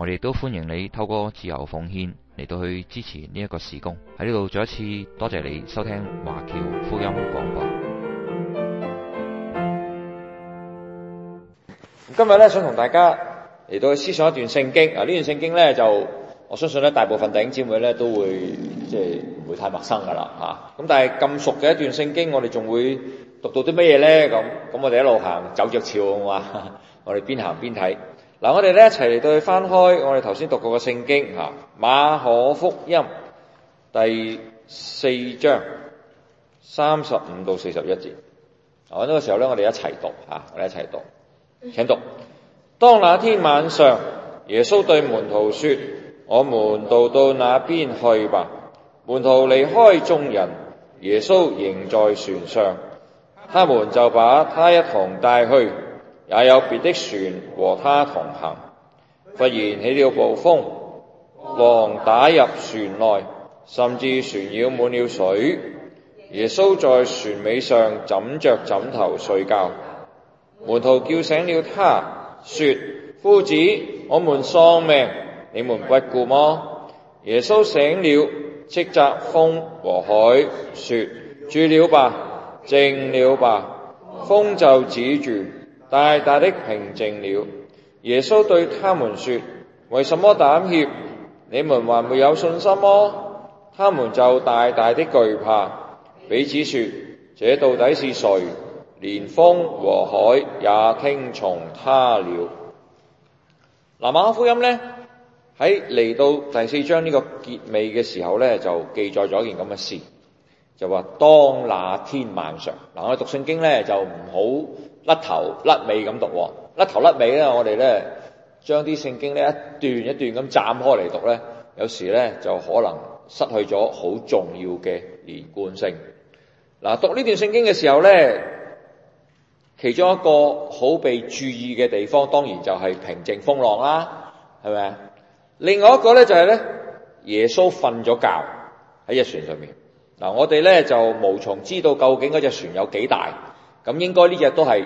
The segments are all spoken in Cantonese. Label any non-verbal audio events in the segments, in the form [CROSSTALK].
我哋都歡迎你透過自由奉獻嚟到去支持呢一個事工。喺呢度再一次多謝你收聽華僑福音廣播。今日咧想同大家嚟到去思索一段聖經。啊，呢段聖經咧就我相信咧大部分弟兄姊妹咧都會即係唔會太陌生噶啦吓。咁但係咁熟嘅一段聖經，我哋仲會讀到啲乜嘢咧？咁咁我哋一路行走着瞧啊，我哋邊行邊睇。嗱，我哋咧一齊嚟到去翻開我哋頭先讀過嘅聖經吓，《馬可福音》第四章三十五到四十一節。我、這、呢個時候咧，我哋一齊讀吓，我哋一齊讀，請讀。 [MUSIC] 當那天晚上，耶穌對門徒說：我們渡到那邊去吧。門徒離開眾人，耶穌仍在船上，他們就把他一同帶去。也有別的船和他同行。忽然起了暴風，浪打入船內，甚至船要滿了水。耶穌在船尾上枕著枕頭睡覺。門徒叫醒了他，說：夫子，我們喪命，你們不顧麼？耶穌醒了，斥責風和海，說：住了吧，靜了吧。風就止住。大大的平靜了。耶穌對他們說，為什麼膽怯？你們還沒有信心麼、啊？他們就大大的懼怕，彼此說，這到底是誰？連風和海也聽從他了。嗱，馬可福音咧喺嚟到第四章呢個結尾嘅時候咧，就記載咗一件咁嘅事，就話當那天晚上，嗱，我哋讀聖經咧就唔好。甩頭甩尾咁讀，甩頭甩尾咧，我哋咧將啲聖經咧一段一段咁斬開嚟讀咧，有時咧就可能失去咗好重要嘅連貫性。嗱，讀呢段聖經嘅時候咧，其中一個好被注意嘅地方，當然就係平靜風浪啦，係咪啊？另外一個咧就係咧，耶穌瞓咗覺喺隻船上面。嗱，我哋咧就無從知道究竟嗰隻船有幾大。咁應該呢隻都係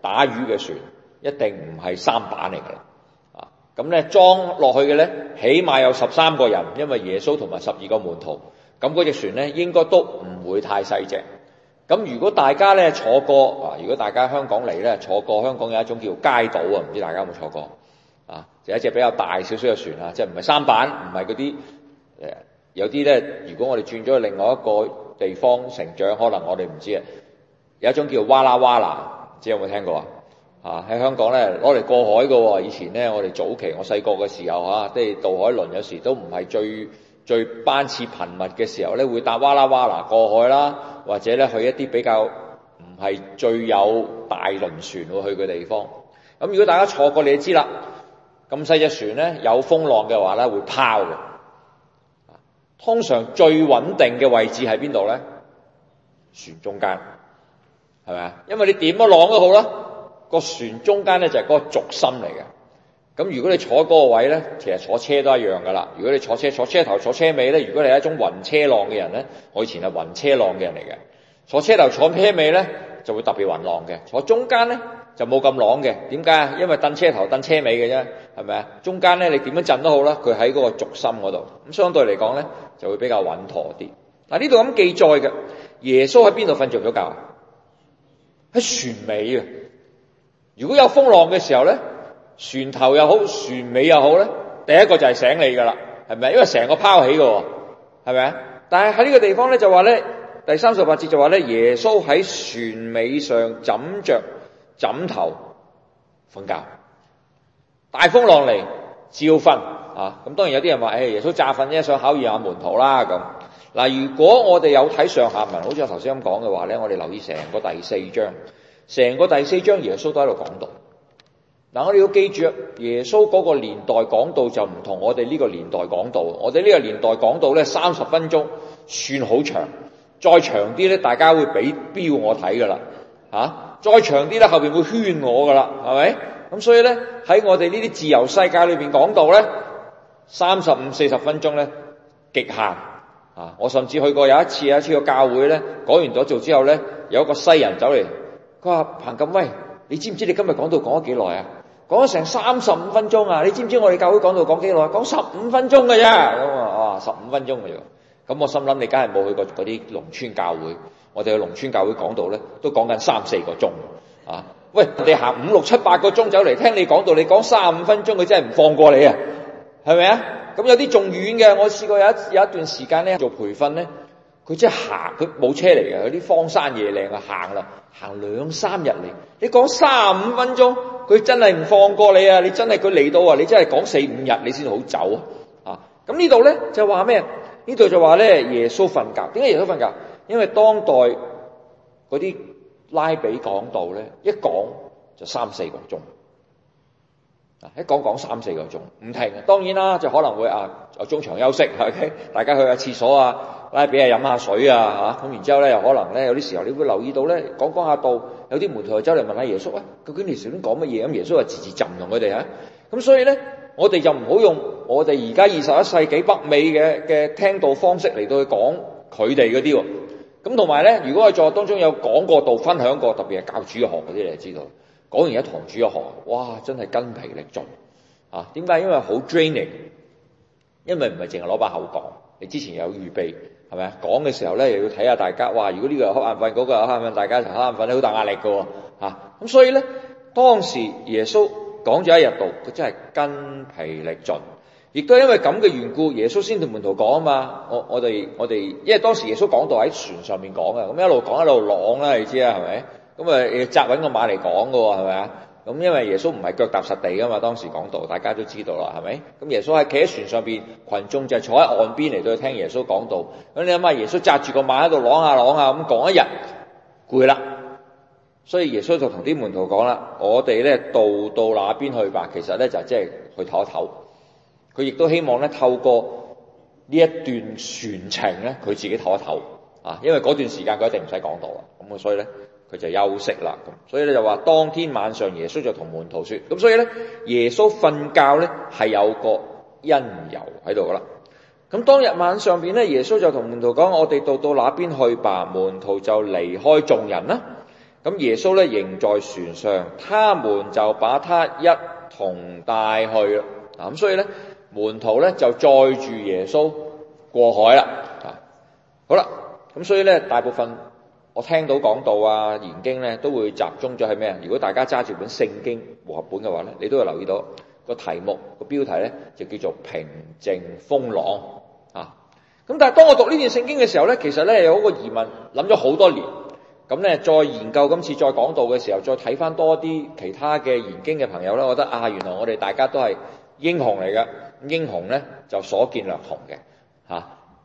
打魚嘅船，一定唔係三板嚟嘅啦。啊，咁咧裝落去嘅咧，起碼有十三個人，因為耶穌同埋十二個門徒。咁嗰隻船咧，應該都唔會太細隻。咁、啊、如果大家咧坐過啊，如果大家香港嚟咧坐過香港有一種叫街島啊，唔知大家有冇坐過啊？就係、一隻比較大少少嘅船啊，即係唔係三板，唔係嗰啲誒有啲咧。如果我哋轉咗去另外一個地方成長，可能我哋唔知啊。有一種叫哇啦哇啦，知有冇聽過啊？嚇！喺香港咧，攞嚟過海嘅喎。以前咧，我哋早期我細個嘅時候嚇，即係渡海輪有時都唔係最最班次頻密嘅時候咧，會搭哇啦哇啦過海啦，或者咧去一啲比較唔係最有大輪船會去嘅地方。咁如果大家坐過，你就知啦。咁細隻船咧，有風浪嘅話咧，會拋嘅。通常最穩定嘅位置喺邊度咧？船中間。係咪啊？因為你點樣浪都好啦，個船中間咧就係嗰個軸心嚟嘅。咁如果你坐嗰個位咧，其實坐車都一樣噶啦。如果你坐車，坐車頭坐車尾咧，如果你係一種暈車浪嘅人咧，我以前係暈車浪嘅人嚟嘅。坐車頭坐車尾咧就會特別暈浪嘅，坐中間咧就冇咁浪嘅。點解啊？因為蹬車頭蹬車尾嘅啫，係咪啊？中間咧你點樣震都好啦，佢喺嗰個軸心嗰度。咁相對嚟講咧就會比較穩妥啲。嗱，呢度咁記載嘅：耶穌喺邊度瞓着咗覺？喺船尾啊！如果有風浪嘅時候咧，船頭又好，船尾又好咧，第一個就係醒你噶啦，係咪？因為成個拋起嘅，係咪啊？但係喺呢個地方咧，就話咧第三十八節就話咧，耶穌喺船尾上枕着枕頭瞓覺，大風浪嚟照瞓啊！咁當然有啲人話，誒、哎，耶穌詐瞓啫，想考驗下門徒啦咁。嗱，如果我哋有睇上下文，好似我頭先咁講嘅話咧，我哋留意成個第四章，成個第四章耶穌都喺度講道。嗱，我哋要記住耶穌嗰個年代講道就唔同我哋呢個年代講道。我哋呢個年代講道咧，三十分鐘算好長，再長啲咧，大家會俾標我睇噶啦，嚇！再長啲咧，後邊會圈我噶啦，係咪？咁所以咧，喺我哋呢啲自由世界裏邊講道咧，三十五、四十分鐘咧，極限。啊！我甚至去過有一次，有一次個教會咧，講完咗做之後咧，有一個西人走嚟，佢話彭錦威，你知唔知你今日講到講咗幾耐啊？講咗成三十五分鐘啊！你知唔知我哋教會講到講幾耐啊？講十五分鐘㗎啫，咁啊，啊、十五分鐘嘅。咁我心諗你梗係冇去過嗰啲農村教會，我哋去農村教會講到咧都講緊三四個鐘啊，啊！喂，你行五六七八個鐘走嚟聽你講到，你講三十五分鐘，佢真係唔放過你啊！係咪啊？咁有啲仲遠嘅，我試過有一有一段時間咧做培訓咧，佢即係行，佢冇車嚟嘅，有啲荒山野嶺啊行啦，行兩三日嚟。你講三五分鐘，佢真係唔放過你啊！你真係佢嚟到啊！你真係講四五日你先好走啊！啊！咁呢度咧就話咩？呢度就話咧耶穌瞓覺。點解耶穌瞓覺？因為當代嗰啲拉比講道咧，一講就三四個鐘。一講講三四個鐘唔停，當然啦就可能會啊，中場休息，係，大家去下廁所啊，拉俾佢飲下水啊嚇，咁、啊、然之後咧又可能咧有啲時候你會留意到咧講講下道，有啲門徒就走嚟問下耶穌啊、哎，究竟你想先講乜嘢，咁、啊、耶穌就字字浸容佢哋啊，咁所以咧我哋就唔好用我哋而家二十一世紀北美嘅嘅聽道方式嚟到去講佢哋嗰啲喎，咁同埋咧如果喺座當中有講過道分享過特別係教主學嗰啲你就知道。講完一堂主一堂，哇！真係筋疲力盡啊！點解？因為好 draining，因為唔係淨係攞把口講，你之前有預備，係咪？講嘅時候咧，又要睇下大家。哇！如果呢個瞌眼瞓，嗰、嗰個瞌眼瞓，大家就瞌眼瞓，好大壓力噶。吓、啊、咁，所以咧，當時耶穌講咗一日道，佢真係筋疲力盡，亦都係因為咁嘅緣故，耶穌先同門徒講啊嘛。我我哋我哋，因為當時耶穌講道喺船上面講啊，咁一路講一路浪啦、啊，你知啊，係咪？咁啊，扎穩個馬嚟講噶喎，係咪啊？咁因為耶穌唔係腳踏實地噶嘛，當時講道，大家都知道啦，係咪？咁耶穌喺企喺船上邊，群眾就係坐喺岸邊嚟到聽耶穌講道。咁你諗下，耶穌扎住個馬喺度朗下朗下咁講一日，攰啦。所以耶穌就同啲門徒講啦：我哋咧到到那邊去吧。其實咧就即係去唞一唞。佢亦都希望咧透過呢一段船程咧，佢自己唞一唞啊。因為嗰段時間佢一定唔使講道啦。咁啊，所以咧。佢就休息啦，所以咧就話當天晚上耶穌就同門徒說，咁所以咧耶穌瞓覺咧係有個因由喺度噶啦。咁當日晚上邊咧耶穌就同門徒講：我哋到到那邊去吧。門徒就離開眾人啦。咁耶穌咧仍在船上，他們就把他一同帶去啦。嗱，咁所以咧門徒咧就載住耶穌過海啦。啊，好啦，咁所以咧大部分，我聽到講道啊，研經咧都會集中咗喺咩啊？如果大家揸住本聖經和合本嘅話咧，你都會留意到個題目個標題咧就叫做平靜風浪啊。咁但係當我讀呢段聖經嘅時候咧，其實咧有一個疑問，諗咗好多年。咁咧再研究今次再講道嘅時候，再睇翻多啲其他嘅研經嘅朋友咧，我覺得啊，原來我哋大家都係英雄嚟嘅。英雄咧就所見略同嘅嚇。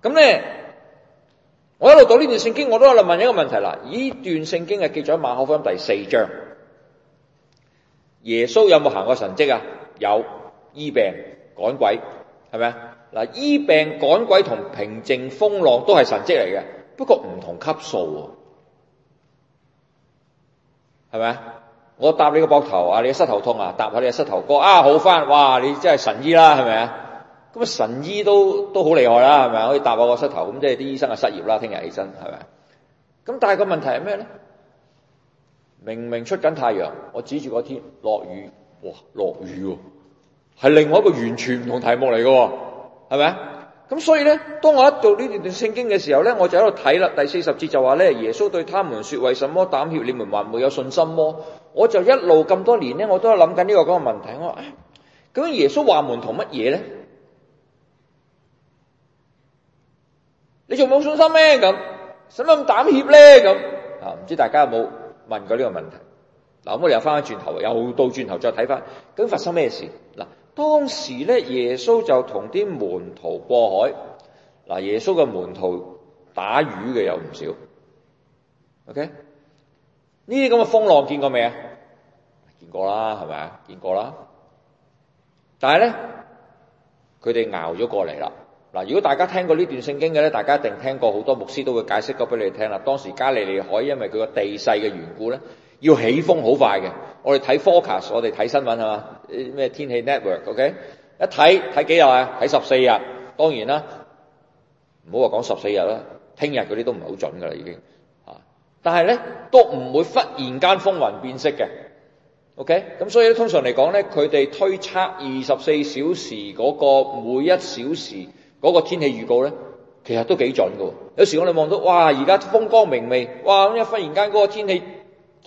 咁、啊、咧。我一路讀呢段聖經，我都喺度問一個問題啦。呢段聖經係記載喺馬可福音第四章，耶穌有冇行過神蹟啊？有醫病趕鬼，係咪啊？嗱，醫病趕鬼同平靜風浪都係神蹟嚟嘅，不過唔同級數，係咪啊？我搭你個膊頭啊，你嘅膝頭痛嘅膝頭啊，搭下你嘅膝頭哥啊，好翻哇！你真係神醫啦，係咪啊？咁神醫都都好厲害啦，係咪可以搭我個膝頭？咁即係啲醫生就失業啦。聽日起身係咪？咁但係個問題係咩咧？明明出緊太陽，我指住個天落雨，哇，落雨喎，係另外一個完全唔同題目嚟噶，係咪？咁所以咧，當我一讀呢段聖聖經嘅時候咧，我就喺度睇啦。第四十節就話咧，耶穌對他們說：為什麼膽怯？你們還沒有信心麼？我就一路咁多年咧，我都係諗緊呢個嗰、這個問題。我話咁、哎、耶穌話門同乜嘢咧？你仲冇信心咩？咁使乜咁膽怯咧？咁啊，唔知大家有冇問過呢個問題？嗱，咁我哋又翻翻轉頭，又倒轉頭再睇翻，究竟發生咩事？嗱，當時咧，耶穌就同啲門徒過海。嗱，耶穌嘅門徒打魚嘅有唔少。OK，呢啲咁嘅風浪見過未啊？見過啦，係咪啊？見過啦。但係咧，佢哋熬咗過嚟啦。嗱，如果大家聽過呢段聖經嘅咧，大家一定聽過好多牧師都會解釋過俾你聽啦。當時加利利海，因為佢個地勢嘅緣故咧，要起風好快嘅。我哋睇 focus，我哋睇新聞係嘛？咩天氣 network，OK？Okay? 一睇睇幾日啊？睇十四日，當然啦，唔好話講十四日啦，聽日嗰啲都唔係好準㗎啦，已經嚇。但係咧都唔會忽然間風雲變色嘅，OK？咁所以咧，通常嚟講咧，佢哋推測二十四小時嗰個每一小時。嗰個天氣預告咧，其實都幾準喎。有時我哋望到，哇！而家風光明媚，哇咁一忽然間嗰個天氣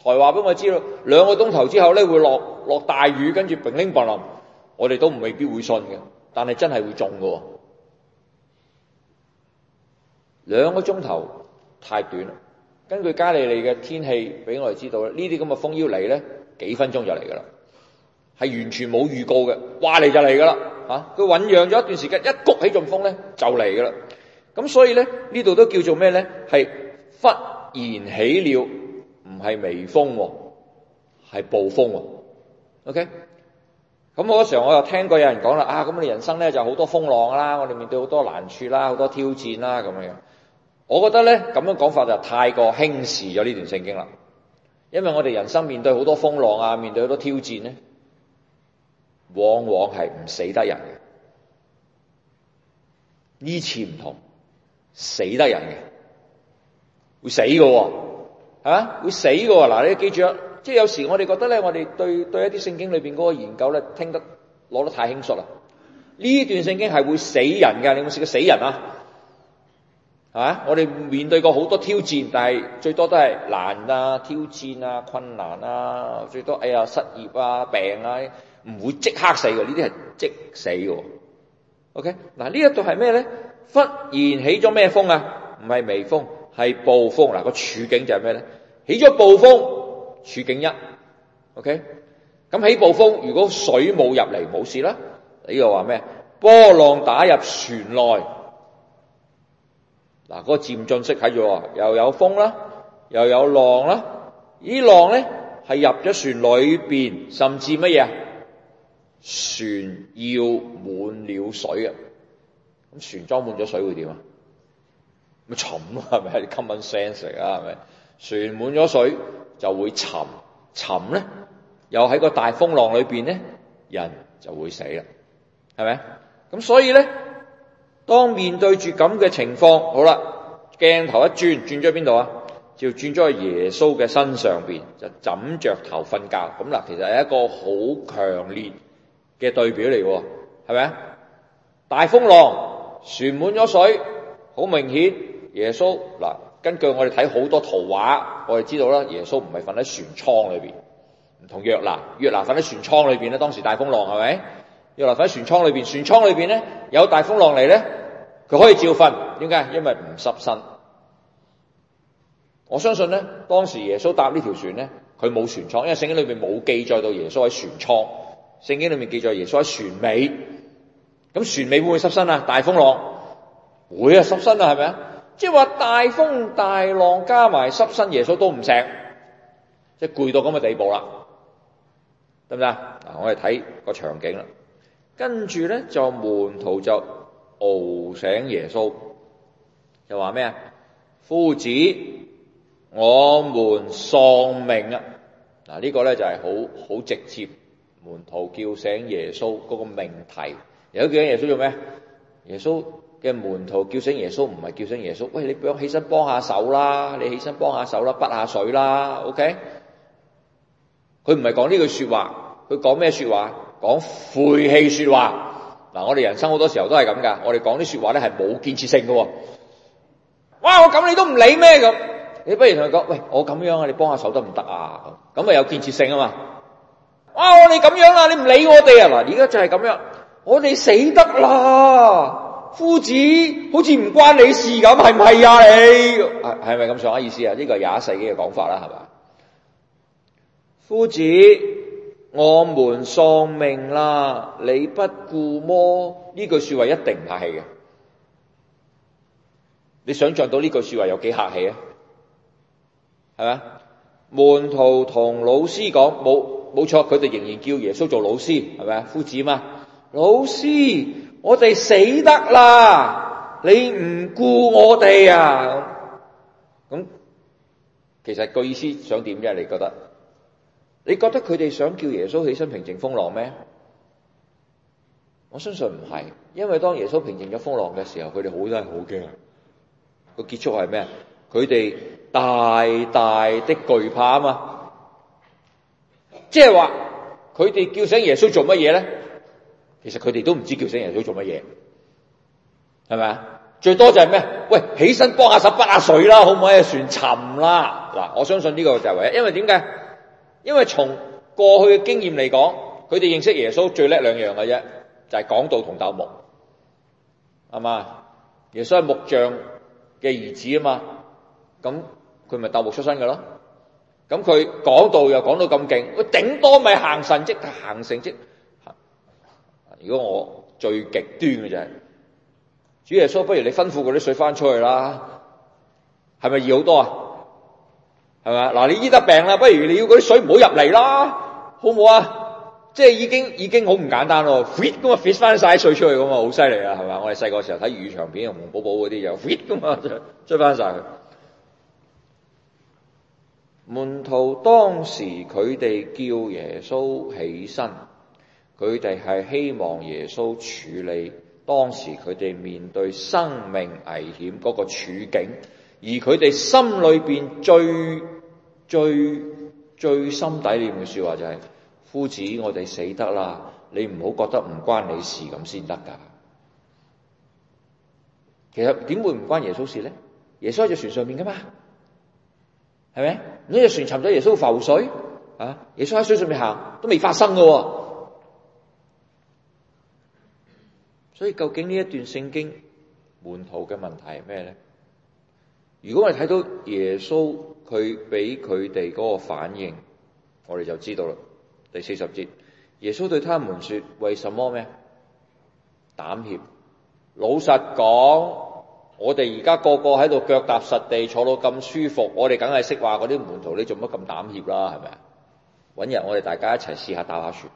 台話俾我知啦，兩個鐘頭之後咧會落落大雨，跟住乒呤乓啷，我哋都未必會信嘅。但係真係會中喎。兩個鐘頭太短啦。根據加利利嘅天氣俾我哋知道啦，呢啲咁嘅風要嚟咧，幾分鐘就嚟㗎啦，係完全冇預告嘅，話嚟就嚟㗎啦。吓，佢醞釀咗一段時間，一谷起陣風咧就嚟噶啦。咁所以咧呢度都叫做咩咧？係忽然起了，唔係微風，係暴風。OK，咁嗰時候我又聽過有人講啦，啊，咁我哋人生咧就好多風浪啦，我哋面對好多難處啦，好多挑戰啦咁樣。我覺得咧咁樣講法就太過輕視咗呢段聖經啦，因為我哋人生面對好多風浪啊，面對好多挑戰咧。往往係唔死得人嘅，呢次唔同，死得人嘅會死嘅、哦，吓、啊、會死嘅。嗱，你記住，啊，即係有時我哋覺得咧，我哋對對一啲聖經裏邊嗰個研究咧，聽得攞得太輕率啦。呢段聖經係會死人嘅，你有冇試過死人啊？吓、啊，我哋面對過好多挑戰，但係最多都係難啊、挑戰啊、困難啊，最多哎呀失業啊、病啊。唔會即刻死嘅，呢啲係即死嘅。OK 嗱，呢一度係咩咧？忽然起咗咩風啊？唔係微風，係暴風嗱。個處境就係咩咧？起咗暴風，處境一 OK。咁起暴風，如果水冇入嚟，冇事啦。呢又話咩？波浪打入船內嗱，嗰個漸進式睇度喎，又有風啦、啊，又有浪啦、啊。浪呢，浪咧係入咗船裏面，甚至乜嘢？船要滿了水啊！咁船裝滿咗水會點啊？咪沉啊！係咪？你 Common sense 啊，係咪？船滿咗水就會沉，沉咧又喺個大風浪裏邊咧，人就會死啦，係咪？咁所以咧，當面對住咁嘅情況，好啦，鏡頭一轉，轉咗喺邊度啊？就轉咗喺耶穌嘅身上邊，就枕着頭瞓覺。咁啦，其實係一個好強烈。嘅對表嚟喎，係咪？大風浪，船滿咗水，好明顯。耶穌嗱，根據我哋睇好多圖畫，我哋知道啦。耶穌唔係瞓喺船艙裏面，唔同約拿，約拿瞓喺船艙裏面咧。當時大風浪，係咪？約拿瞓喺船艙裏面，船艙裏邊咧有大風浪嚟咧，佢可以照瞓。點解？因為唔濕身。我相信咧，當時耶穌搭呢條船咧，佢冇船艙，因為聖經裏邊冇記載到耶穌喺船艙。聖經裏面記載耶穌喺船尾，咁船尾會唔會濕身啊？大風浪會啊，濕、哎、身啊，係咪啊？即係話大風大浪加埋濕身，耶穌都唔醒，即係攰到咁嘅地步啦，得唔得啊？嗱，我哋睇個場景啦，跟住咧就門徒就傲醒耶穌，就話咩啊？夫子，我們喪命啊！嗱、這個，呢個咧就係好好直接。門徒叫醒耶穌嗰個命題，有叫緊耶穌做咩？耶穌嘅門徒叫醒耶穌唔係叫醒耶穌，喂你唔好起身幫下手啦，你起身幫下手啦，滗下水啦，OK？佢唔係講呢句說話，佢講咩說話？講晦氣說話。嗱，我哋人生好多時候都係咁噶，我哋講啲說話咧係冇建設性噶。哇，我咁你都唔理咩咁？你不如同佢講，喂，我咁樣啊，你幫下手得唔得啊？咁咁啊有建設性啊嘛。啊！我哋咁樣啦，你唔理我哋啊？嗱，而家就係咁樣，我哋死得啦，夫子好似唔關你事咁，係唔係呀？你係咪咁上下意思啊？呢個係廿一世紀嘅講法啦，係嘛？夫子，我們喪命啦！你不顧麼？呢句說話一定唔客氣嘅。你想象到呢句說話有幾客氣啊？係咪？門徒同老師講冇。冇錯，佢哋仍然叫耶穌做老師，係咪啊？夫子嘛，老師，我哋死得啦！你唔顧我哋啊！咁， [MUSIC] 其實個意思想點啫？你覺得？你覺得佢哋想叫耶穌起身平靜風浪咩？我相信唔係，因為當耶穌平靜咗風浪嘅時候，佢哋好多人好驚。個結束係咩？佢哋大大的懼怕啊嘛！即係話，佢哋叫醒耶穌做乜嘢咧？其實佢哋都唔知叫醒耶穌做乜嘢，係咪啊？最多就係咩？喂，起身幫下手搬下水啦，好唔好？船沉啦！嗱，我相信呢個就係唯一，因為點解？因為從過去嘅經驗嚟講，佢哋認識耶穌最叻兩樣嘅啫，就係講道同鬥木，係嘛？耶穌係木匠嘅兒子啊嘛，咁佢咪鬥木出身嘅咯？咁佢講到又講到咁勁，佢頂多咪行神跡，行神跡。即如果我最極端嘅就係，主耶穌，right? 不如你吩咐嗰啲水翻出去啦，係咪易好多啊？係咪？嗱，你醫得病啦，不如你要嗰啲水唔好入嚟啦，好唔好啊？即係已經已經好唔簡單咯。fit 咁啊 fit 翻曬水出去咁啊，好犀利啊，係嘛？我哋細個時候睇粵語長片，紅寶寶嗰啲又 fit 咁啊，追翻晒去門徒當時佢哋叫耶穌起身，佢哋係希望耶穌處理當時佢哋面對生命危險嗰個處境，而佢哋心裏邊最最最心底念嘅說話就係：夫子，我哋死得啦，你唔好覺得唔關你事咁先得噶。其實點會唔關耶穌事咧？耶穌喺隻船上面噶嘛。係咪？呢隻船沉咗，耶穌浮水啊！耶穌喺水上面行，都未發生㗎喎。所以究竟呢一段聖經門徒嘅問題係咩咧？如果我哋睇到耶穌佢俾佢哋嗰個反應，我哋就知道啦。第四十節，耶穌對他們說：為什麼咩？膽怯。老實講。我哋而家個個喺度腳踏實地坐到咁舒服，我哋梗係識話嗰啲門徒，你做乜咁膽怯啦？係咪啊？搵日我哋大家一齊試下打下船，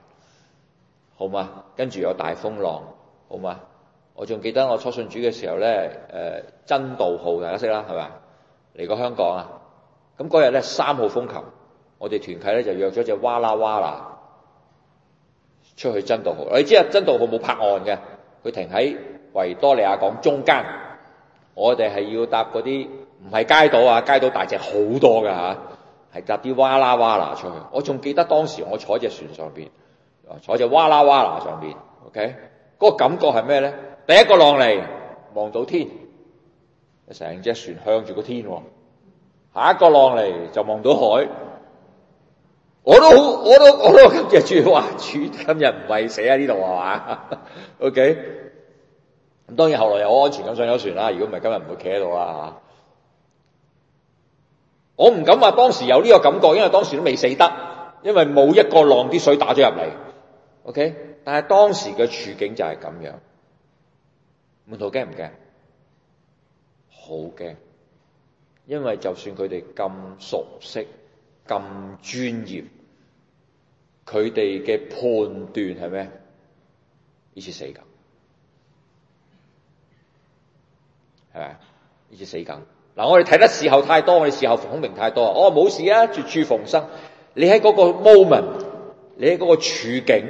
好嘛？跟住有大風浪，好嘛？我仲記得我初信主嘅時候咧，誒、呃，真道號，大家識啦，係咪啊？嚟過香港啊，咁嗰日咧，三號風球，我哋團契咧就約咗隻哇啦哇啦出去真道號。你知啊，真道號冇泊岸嘅，佢停喺維多利亞港中間。我哋係要搭嗰啲，唔係街渡啊，街渡大隻好多噶吓，係搭啲哇啦哇啦出去。我仲記得當時我坐隻船上邊，坐隻哇啦哇啦上邊，OK，嗰個感覺係咩咧？第一個浪嚟望到天，成隻船向住個天；下一個浪嚟就望到海。我都好，我都我都,我都今日住哇，住今日唔係死喺呢度啊嘛，OK。咁當然後來又好安全咁上咗船啦，如果唔係今日唔會企喺度啦。我唔敢話當時有呢個感覺，因為當時都未死得，因為冇一個浪啲水打咗入嚟。OK，但係當時嘅處境就係咁樣。門徒驚唔驚？好驚，因為就算佢哋咁熟悉、咁專業，佢哋嘅判斷係咩？呢次死㗎。係嘛？呢次死梗嗱，我哋睇得事後太多，我哋事後孔明太多。我、哦、冇事啊，絕處逢生。你喺嗰個 moment，你喺嗰個處境，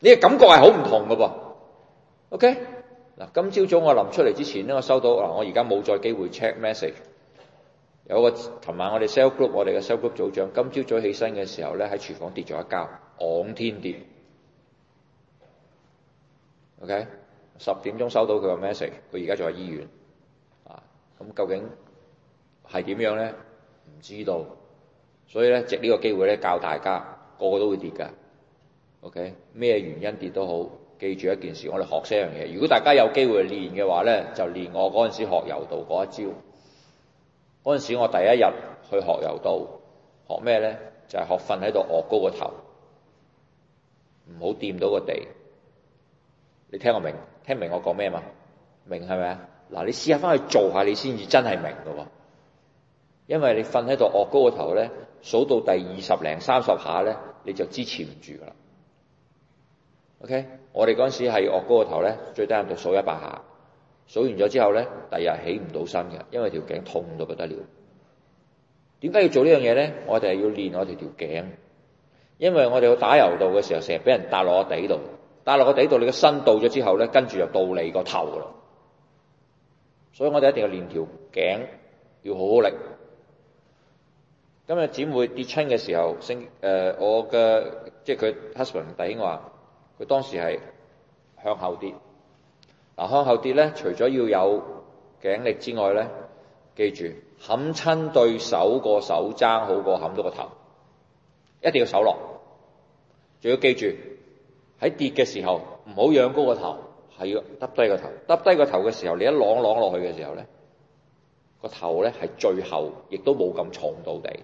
你嘅感覺係好唔同噶噃。OK，嗱，今朝早我臨出嚟之前咧，我收到嗱，我而家冇再機會 check message 有。有個琴晚我哋 cell group，我哋嘅 cell group 組長今朝早起身嘅時候咧，喺廚房跌咗一跤，昂天跌。OK，十點鐘收到佢個 message，佢而家仲喺醫院。咁究竟係點樣咧？唔知道，所以咧，借呢個機會咧，教大家，個個都會跌噶。OK，咩原因跌都好，記住一件事，我哋學一樣嘢。如果大家有機會練嘅話咧，就練我嗰陣時學柔道嗰一招。嗰陣時我第一日去學柔道，學咩咧？就係學瞓喺度臥高個頭，唔好掂到個地。你聽我明？聽明我講咩嘛？明係咪啊？嗱，你試下翻去做下，你先至真係明㗎喎。因為你瞓喺度惡高個頭咧，數到第二十零三十下咧，你就支持唔住噶啦。OK，我哋嗰陣時係惡高個頭咧，最低係要數一百下。數完咗之後咧，第二日起唔到身嘅，因為條頸痛到不得了。點解要做呢樣嘢咧？我哋係要練我哋條頸，因為我哋去打柔道嘅時候，成日俾人搭落我底度，搭落我底度，你個身到咗之後咧，跟住就到你個頭噶啦。所以我哋一定要練條頸，要好好力。今日展會跌親嘅時候，升誒我嘅即係佢 husband 弟兄話，佢當時係向後跌。嗱，向後跌咧，除咗要有頸力之外咧，記住冚親對手個手踭好過冚到個頭，一定要手落。仲要記住喺跌嘅時候唔好仰高個頭。係要耷低個頭，耷低個頭嘅時候，你一啷啷落去嘅時候咧，個頭咧係最後，亦都冇咁重到地。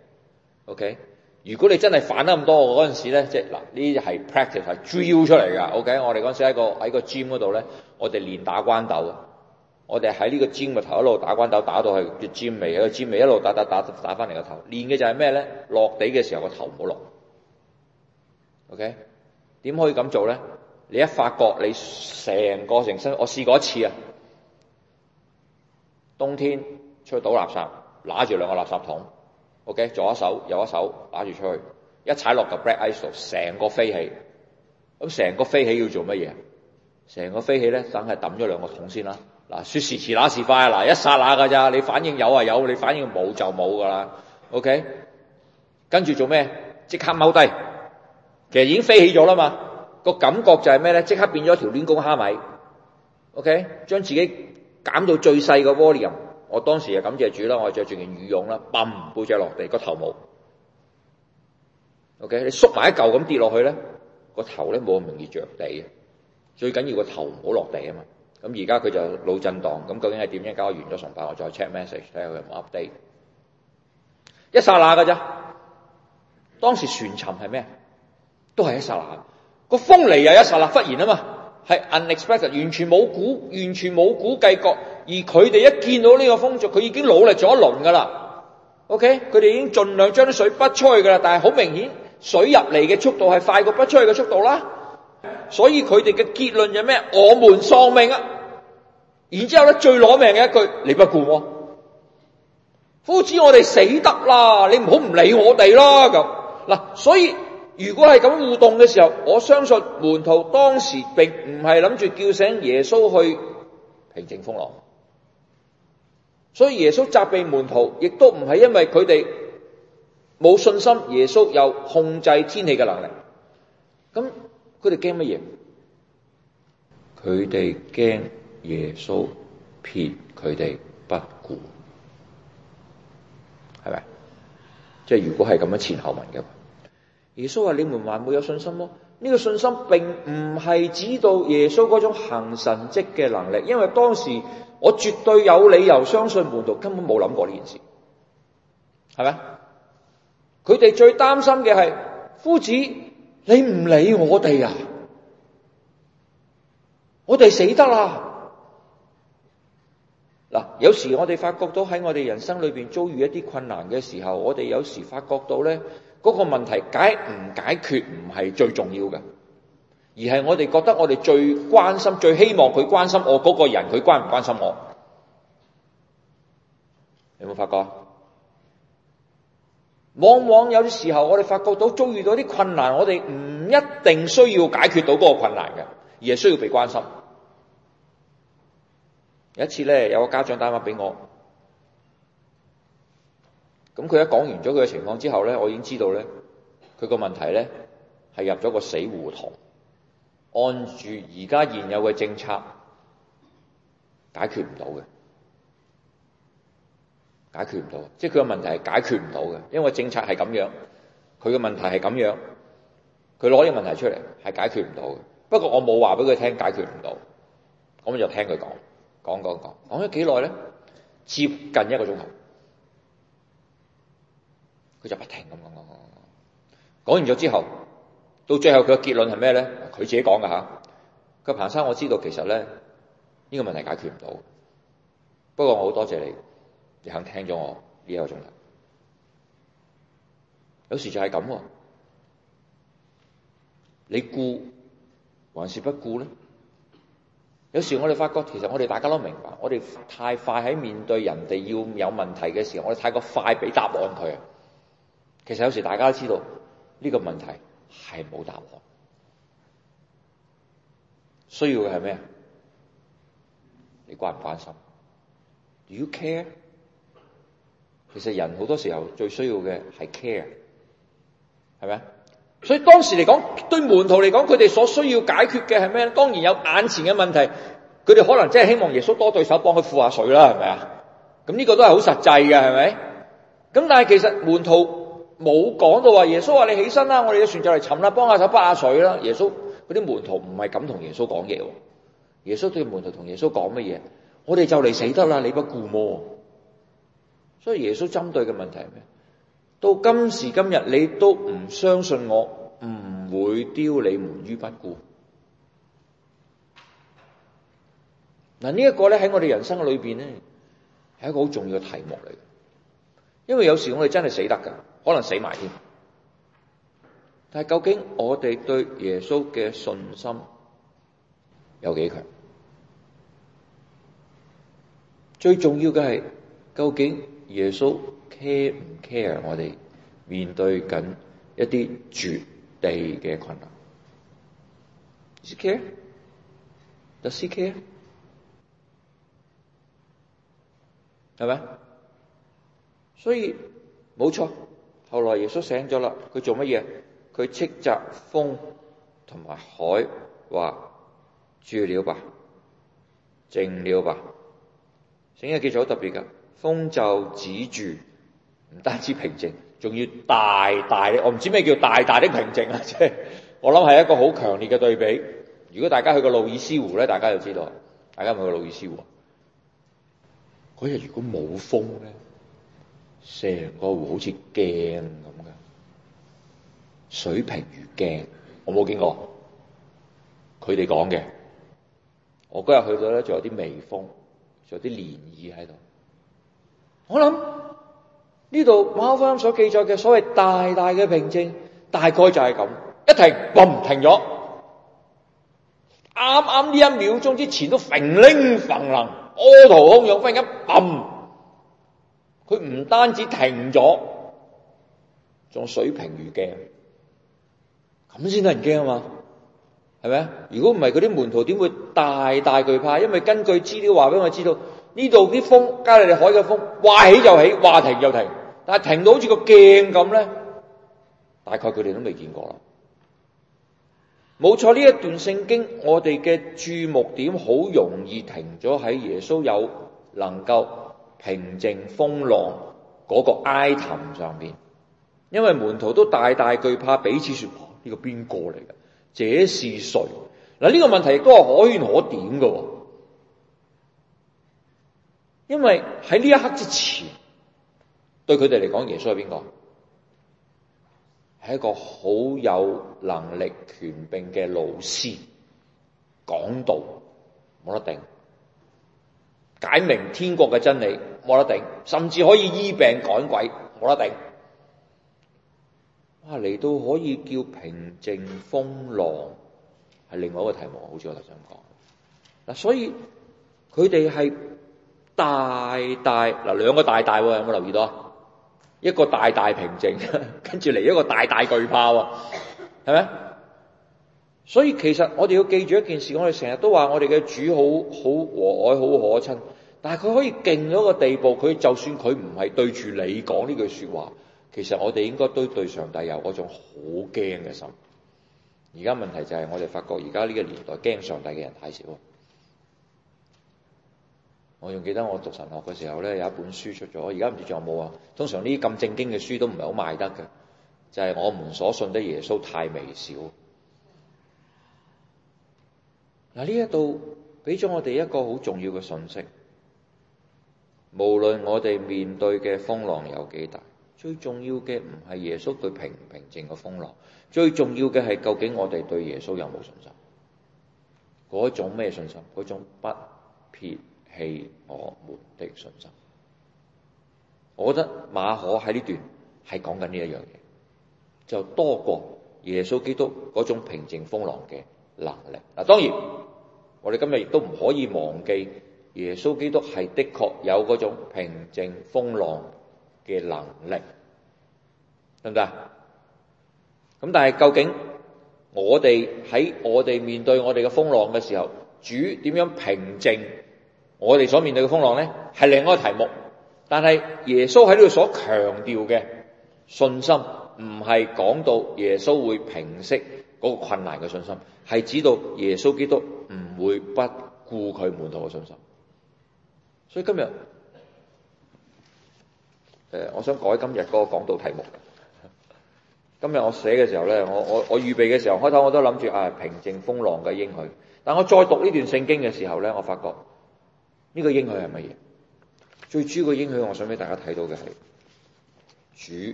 OK，如果你真係反得咁多嗰陣時咧，即係嗱，呢啲係 practice，係 drill 出嚟噶。OK，我哋嗰時喺個喺個 gym 嗰度咧，我哋練打關斗，我哋喺呢個 gym 嘅頭一路打關斗，打到去個 gym 尾，個 gym 尾一路打打打打翻嚟個頭，練嘅就係咩咧？落地嘅時候個頭唔好落。O K，點可以咁做咧？你一發覺你成個成身，我試過一次啊！冬天出去倒垃圾，揦住兩個垃圾桶，OK，左一手右一手揦住出去，一踩落嚿 black ice 度成個飛起。咁成個飛起要做乜嘢？成個飛起咧，等係揼咗兩個桶先啦。嗱，説時遲那時快，嗱一剎那㗎咋，你反應有啊有，你反應冇就冇噶啦。OK，跟住做咩？即刻踎低，其實已經飛起咗啦嘛。個感覺就係咩咧？即刻變咗條暖工蝦米，OK，將自己減到最細個 volume。我當時就感謝主啦，我著住件羽絨啦，嘣背脊落地，個頭冇。OK，你縮埋一嚿咁跌落去咧，個頭咧冇咁容易著地。最緊要個頭唔好落地啊嘛。咁而家佢就腦震盪。咁究竟係點樣？搞完咗崇拜，我再 check message 睇下佢 update。一剎那㗎啫。當時船沉係咩？都係一剎那。個風嚟，又一剎那忽然啊嘛，係 unexpected，完全冇估，完全冇估計過。而佢哋一見到呢個風象，佢已經努力咗一輪噶啦。OK，佢哋已經盡量將啲水不吹噶啦。但係好明顯，水入嚟嘅速度係快過不吹嘅速度啦。所以佢哋嘅結論就咩？我們喪命啊！然之後咧，最攞命嘅一句，你不顧我，夫子我哋死得啦，你唔好唔理我哋啦咁嗱。所以。如果係咁互動嘅時候，我相信門徒當時並唔係諗住叫醒耶穌去平靜風浪，所以耶穌責備門徒，亦都唔係因為佢哋冇信心耶穌有控制天氣嘅能力。咁佢哋驚乜嘢？佢哋驚耶穌撇佢哋不顧，係咪？即係如果係咁樣前後文嘅。耶穌話：你們還沒有信心囉？呢個信心並唔係指導耶穌嗰種行神迹嘅能力，因為當時我絕對有理由相信門徒根本冇諗過呢件事，係咪？佢哋最擔心嘅係：夫子你唔理我哋啊！我哋死得啦！嗱，有時我哋發覺到喺我哋人生裏邊遭遇一啲困難嘅時候，我哋有時發覺到咧。嗰個問題解唔解決唔係最重要嘅，而係我哋覺得我哋最關心、最希望佢關心我嗰個人，佢關唔關心我？有冇發覺？往往有啲時候，我哋發覺到遭遇到啲困難，我哋唔一定需要解決到嗰個困難嘅，而係需要被關心。有一次咧，有個家長打電話俾我。咁佢一講完咗佢嘅情況之後咧，我已經知道咧，佢個問題咧係入咗個死胡同，按住而家現有嘅政策解決唔到嘅，解決唔到，即係佢個問題係解決唔到嘅，因為政策係咁樣，佢個問題係咁樣，佢攞呢個問題出嚟係解決唔到嘅。不過我冇話俾佢聽解決唔到，咁就聽佢講講講講，講咗幾耐咧？接近一個鐘頭。佢就不停咁講，講完咗之後，到最後佢嘅結論係咩咧？佢自己講㗎吓。個彭生我知道其實咧呢個問題解決唔到，不過我好多謝你，你肯聽咗我呢一個鐘頭。有時就係咁喎，你顧還是不顧咧？有時我哋發覺，其實我哋大家都明白，我哋太快喺面對人哋要有問題嘅時候，我哋太過快俾答案佢。其實有時大家都知道呢，呢個問題係冇答案，需要嘅係咩？你關唔關心？Do you care？其實人好多時候最需要嘅係 care，係咪？所以當時嚟講，對門徒嚟講，佢哋所需要解決嘅係咩？當然有眼前嘅問題，佢哋可能真係希望耶穌多對手幫佢付下水啦，係咪啊？咁，呢，呢個都係好實際嘅，係咪？咁但係其實門徒。冇講到話耶穌話你起身啦，我哋嘅船就嚟沉啦，幫下手撥下水啦。耶穌嗰啲門徒唔係咁同耶穌講嘢，耶穌對門徒同耶穌講乜嘢？我哋就嚟死得啦，你不顧麼？所以耶穌針對嘅問題係咩？到今時今日，你都唔相信我，唔會丟你們於不顧。嗱、這個，呢一個咧喺我哋人生嘅裏邊咧，係一個好重要嘅題目嚟。因為有時我哋真係死得噶。可能死埋添，但究竟我哋對耶穌嘅信心有幾強？最重要嘅係究竟耶穌 care 唔 care 我哋面對緊一啲絕地嘅困難？Does he care？Does he care？係咪？所以冇錯。沒錯。後來耶穌醒咗啦，佢做乜嘢？佢斥責風同埋海，話：「住了吧，靜了吧。」整個記載好特別噶，風就止住，唔單止平靜，仲要大大，我唔知咩叫大大的平靜啦。即係我諗係一個好強烈嘅對比。如果大家去過路易斯湖咧，大家就知道，大家去過路易斯湖？嗰日如果冇風咧？成個湖好似鏡咁嘅，水平如鏡，我冇見過。佢哋講嘅，我嗰日去到咧，仲有啲微風，仲有啲漣漪喺度。我諗呢度馬可福音所記載嘅所謂大大嘅平靜，大概就係咁，一停，嘣，停咗。啱啱呢一秒鐘之前都揈拎唪楞，波濤洶湧，忽然間嘣。佢唔單止停咗，仲水平如鏡，咁先得人驚啊嘛，係咪啊？如果唔係，嗰啲門徒點會大大懼怕？因為根據資料話俾我哋知道，呢度啲風加你哋海嘅風，話起就起，話停就停，但係停到好似個鏡咁咧，大概佢哋都未見過啦。冇錯，呢一段聖經，我哋嘅注目點好容易停咗喺耶穌有能夠，平靜風浪嗰個哀談上面，因為門徒都大大懼怕，彼此說：呢個邊個嚟嘅？這是誰？嗱，啊，呢個問題亦都係可圈可點嘅。因為喺呢一刻之前，對佢哋嚟講，耶穌係邊個？係一個好有能力、權柄嘅老師，講道冇得頂，解明天國嘅真理。冇得頂，甚至可以醫病趕鬼，冇得頂啊，嚟到可以叫平靜風浪，係另外一個題目，好似我頭想講。嗱、啊，所以佢哋係大大嗱兩、啊、個大大喎，有冇留意到啊？一個大大平靜，跟住嚟一個大大巨炮，係咪？所以其實我哋要記住一件事，我哋成日都話我哋嘅主好好和藹，好可親。但係佢可以勁到個地步，佢就算佢唔係對住你講呢句說話，其實我哋應該都對對上帝有嗰種好驚嘅心。而家問題就係我哋發覺而家呢個年代驚上帝嘅人太少。我仲記得我讀神學嘅時候咧，有一本書出咗，而家唔知仲有冇啊？通常呢啲咁正經嘅書都唔係好賣得嘅，就係、是、我們所信的耶穌太微小。嗱，呢一度俾咗我哋一個好重要嘅信息。無論我哋面對嘅風浪有幾大，最重要嘅唔係耶穌對平唔平靜嘅風浪，最重要嘅係究竟我哋對耶穌有冇信心？嗰種咩信心？嗰種不撇棄我們的信心。我覺得馬可喺呢段係講緊呢一樣嘢，就多過耶穌基督嗰種平靜風浪嘅能力。嗱，當然我哋今日亦都唔可以忘記。耶穌基督係的確有嗰種平靜風浪嘅能力，得唔得？咁但係究竟我哋喺我哋面對我哋嘅風浪嘅時候，主點樣平靜我哋所面對嘅風浪咧？係另外一個題目。但係耶穌喺呢度所強調嘅信心，唔係講到耶穌會平息嗰個困難嘅信心，係指到耶穌基督唔會不顧佢門徒嘅信心。所以今日，誒、呃，我想改今日嗰個講道題目。今日我寫嘅時候咧，我我我預備嘅時候，開頭我，我，我都諗住啊平靜風浪嘅應許。但我再讀呢段聖經嘅時候咧，我發覺呢個應許係乜嘢？最主要嘅應許，我想俾大家睇到嘅係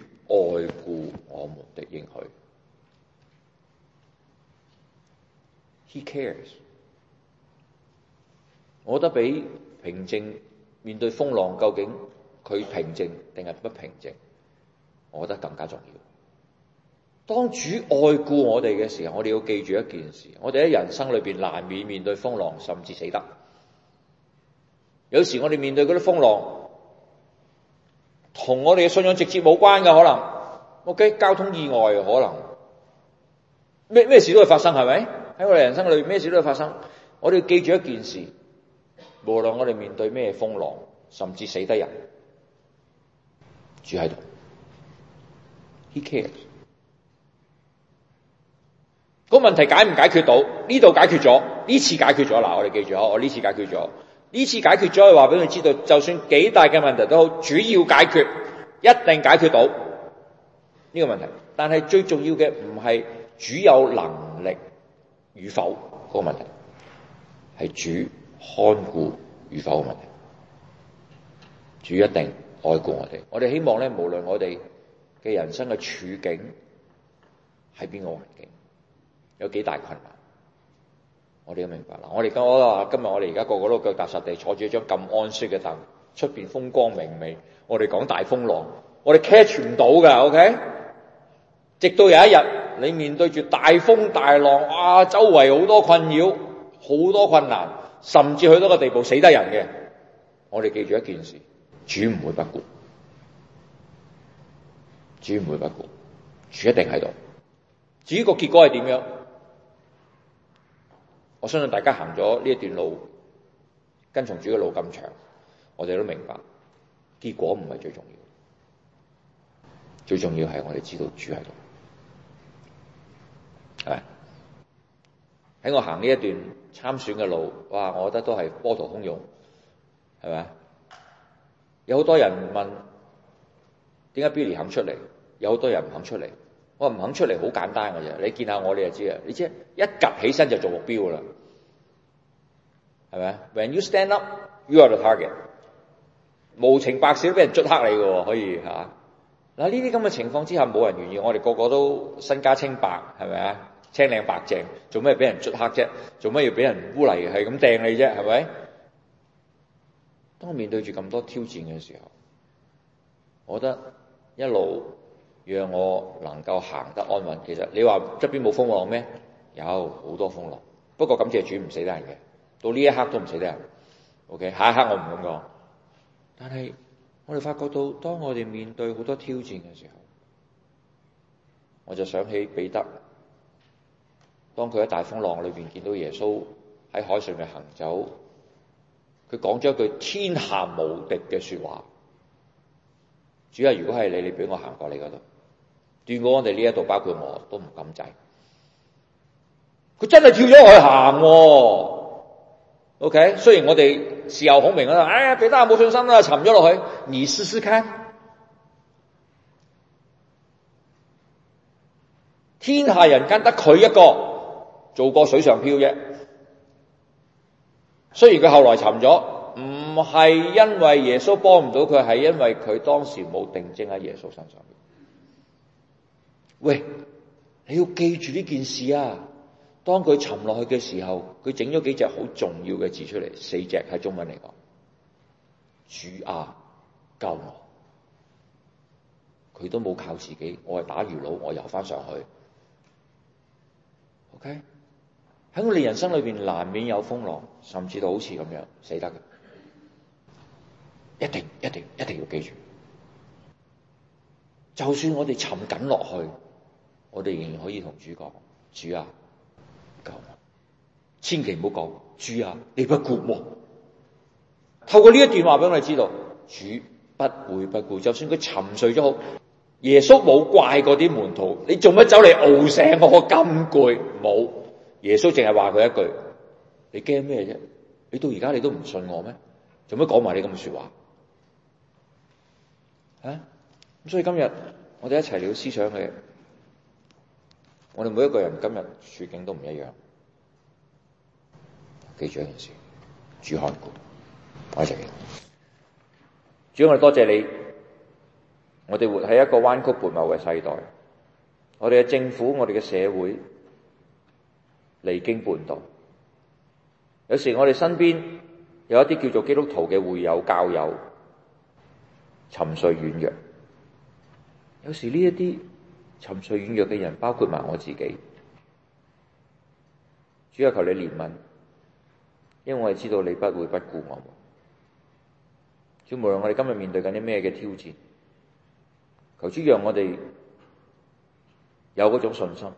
主愛顧我們的應許。He cares。我覺得俾。平靜面對風浪，究竟佢平靜定係不平靜？我覺得更加重要。當主愛顧我哋嘅時候，我哋要記住一件事：我哋喺人生裏邊難免面對風浪，甚至死得。有時我哋面對嗰啲風浪，同我哋嘅信仰直接冇關嘅，可能，OK，交通意外可能，咩咩事都會發生，係咪？喺我哋人生裏邊，咩事都會發生。我哋要記住一件事。無論我哋面對咩風浪，甚至死得人住喺度，He cares。個問題解唔解決到？呢度解決咗，呢次解決咗。嗱，我哋記住，我呢次解決咗，呢次解決咗，話俾佢知道，就算幾大嘅問題都好，主要解決一定解決到呢個問題。但係最重要嘅唔係主有能力與否，個問題係主。看顧與否嘅問題，主一定愛顧我哋。我哋希望咧，無論我哋嘅人生嘅處境喺邊個環境，有幾大困難，我哋都明白啦。我哋今日我話今日我哋而家個個都腳踏實地坐住一張咁安舒嘅凳，出邊風光明媚，我哋講大風浪我們不 up,、okay，我哋 catch 唔到噶。OK，直到有一日你面對住大風大浪，啊，周圍好多困擾，好多困難。甚至去到個地步死得人嘅，我哋記住一件事：主唔會不顧，主唔會不顧，主一定喺度。至於個結果係點樣，我相信大家行咗呢一段路，跟從主嘅路咁長，我哋都明白結果唔係最重要，最重要係我哋知道主喺度。係喺我行呢一段。參選嘅路，哇！我覺得都係波濤洶湧，係咪？有好多人問點解 Billy 肯出嚟，有好多人唔肯出嚟。我唔肯出嚟，好簡單嘅啫。你見下我，你就知啦。你知，一及起身就做目標啦，係咪啊？When you stand up, you are the target。無情白事都俾人捉黑你嘅，可以，係嘛？嗱，呢啲咁嘅情況之下，冇人願意。我哋個個都身家清白，係咪啊？青靚白淨，做咩俾人出黑啫？做咩要俾人污泥？係咁掟你啫？係咪？當我面對住咁多挑戰嘅時候，我覺得一路讓我能夠行得安穩。其實你話側邊冇風浪咩？有好多風浪。不過感謝主唔死得人嘅，到呢一刻都唔死得人。OK，下一刻我唔敢講。但係我哋發覺到，當我哋面對好多挑戰嘅時候，我就想起彼得。當佢喺大風浪裏邊見到耶穌喺海上面行走，佢講咗一句天下無敵嘅說話，主啊，如果係你，你俾我行過你嗰度，斷過我哋呢一度，包括我都唔敢仔。佢真係跳咗去行、啊，OK。雖然我哋事後孔明啦，哎呀，彼得冇信心啦，沉咗落去。你試試看，天下人間得佢一個。做過水上漂啫，雖然佢後來沉咗，唔係因為耶穌幫唔到佢，係因為佢當時冇定睛喺耶穌身上。喂，你要記住呢件事啊！當佢沉落去嘅時候，佢整咗幾隻好重要嘅字出嚟，四隻喺中文嚟講，主啊救我！佢都冇靠自己，我係打魚佬，我游翻上去，OK。喺我哋人生裏邊難免有風浪，甚至到好似咁樣死得嘅，一定一定一定要記住，就算我哋沉緊落去，我哋仍然可以同主講：主啊，救我！千祈唔好講主啊，你不顧我。透過呢一段話俾我哋知道，主不會不顧，就算佢沉睡咗好，耶穌冇怪過啲門徒，你做乜走嚟敖醒我這？我咁攰冇。耶穌淨係話佢一句：「你驚咩啫？你到而家你都唔信我咩？做乜講埋你咁嘅說話？咁、啊，所以今日我哋一齊嚟思想嘅。」我哋每一個人今日處境都唔一樣。記住一件事：主看顧，我哋。主我哋多謝你。我哋活喺一個彎曲悖謬嘅世代，我哋嘅政府，我哋嘅社會。離經叛道，有時我哋身邊有一啲叫做基督徒嘅會友教友沉睡軟弱，有時呢一啲沉睡軟弱嘅人，包括埋我自己，主要求你憐憫，因為我哋知道你不會不顧我。主，無論我哋今日面對緊啲咩嘅挑戰，求主讓我哋有嗰種信心，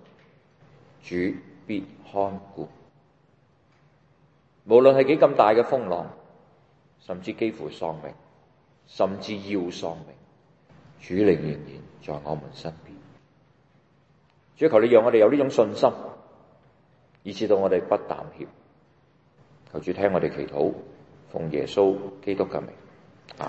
主。必看顧，無論係幾咁大嘅風浪，甚至幾乎喪命，甚至要喪命，主靈仍然在我們身邊。主，求你讓我哋有呢種信心，以至到我哋不膽怯。求主聽我哋祈禱，奉耶穌基督嘅名啊！